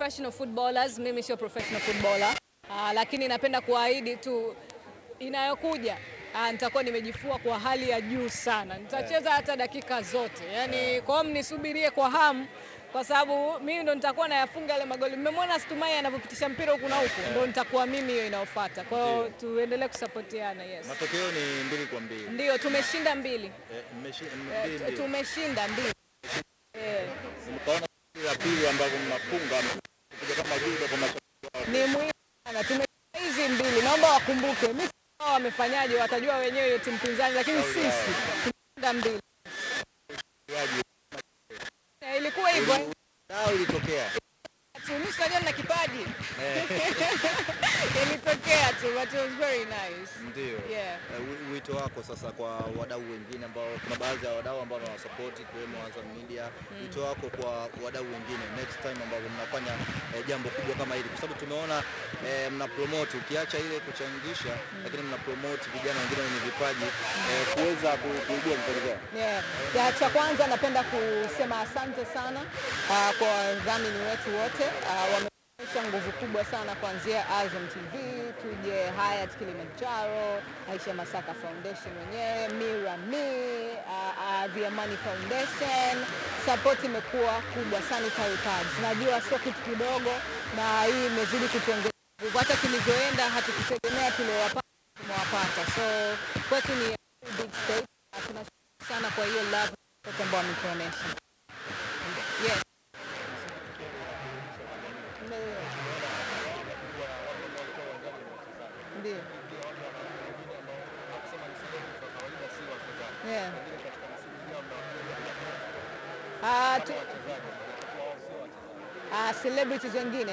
professional footballers, mimi sio professional footballer. Aa, ah, lakini napenda kuahidi tu inayokuja ah, nitakuwa nimejifua kwa hali ya juu sana, nitacheza hata dakika zote yani, yeah. kwa hiyo mnisubirie kwa hamu, kwa sababu mimi ndo nitakuwa nayafunga yale magoli. Mmemwona Stumai anavyopitisha mpira huku na huku, ndo nitakuwa mimi hiyo inayofuata. Kwa hiyo tuendelee kusapotiana. Yes, matokeo ni mbili kwa mbili, ndio tumeshinda mbili, eh, eh, tumeshinda mbili, mkaona la pili ambapo mnafunga wakumbuke Misri wao wamefanyaje, watajua wenyewe timu pinzani, lakini sisi tunaenda mbili. Eh, ilikuwa hivyo eh. nao ilitokea Tunisia leo na kipaji eh. ilitokea tu, but it was very nice. Ndio, yeah. Uh, wito wako sasa kwa wadau wengine ambao kuna baadhi ya wadau ambao wanawasapoti kiwemo Azam Media, mm. Wito wako kwa wadau wengine next time ambao jambo kubwa kama hili, kwa sababu tumeona e, mna promote ukiacha ile kuchangisha mm. lakini mna promote vijana wengine wenye vipaji e, kuweza kuibua vipaji vyao. Yeah. Cha kwanza napenda kusema asante sana uh, kwa wadhamini wetu wote uh, nguvu kubwa sana kuanzia Azam TV tuje Hyatt Kilimanjaro, Aisha Masaka Foundation wenyewe Mira Mi, uh, ah, The Amani Foundation, support imekuwa kubwa, sanitary pads najua sio kitu kidogo, na hii imezidi kutuongeza Hata tulivyoenda hatukutegemea tuliowapata, tumewapata. So kwetu ni big state, tunashukuru sana kwa hiyo love wote ambao wametuonesha. Yes. Ndio. Ah, tu, ah, celebrities wengine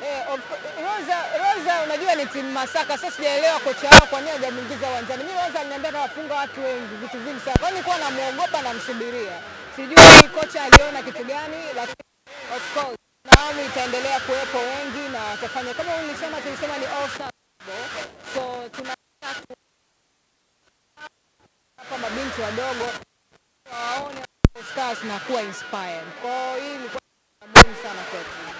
eh, of, Rosa, Rosa unajua ni timu Masaka. Sasa sijaelewa kocha wao kwa nini hajamuingiza uwanjani. Mimi Rosa aliniambia atawafunga watu wengi vitu vingi sana, kwa nilikuwa namuogopa namsubiria, sijui kocha aliona kitu gani, lakini of course naomi itaendelea kuwepo wengi na watafanya kama ulisema, tulisema ni all star so binti wadogo waone na kuwa inspired. Kwa hiyo hii ilikuwa muhimu sana kwetu.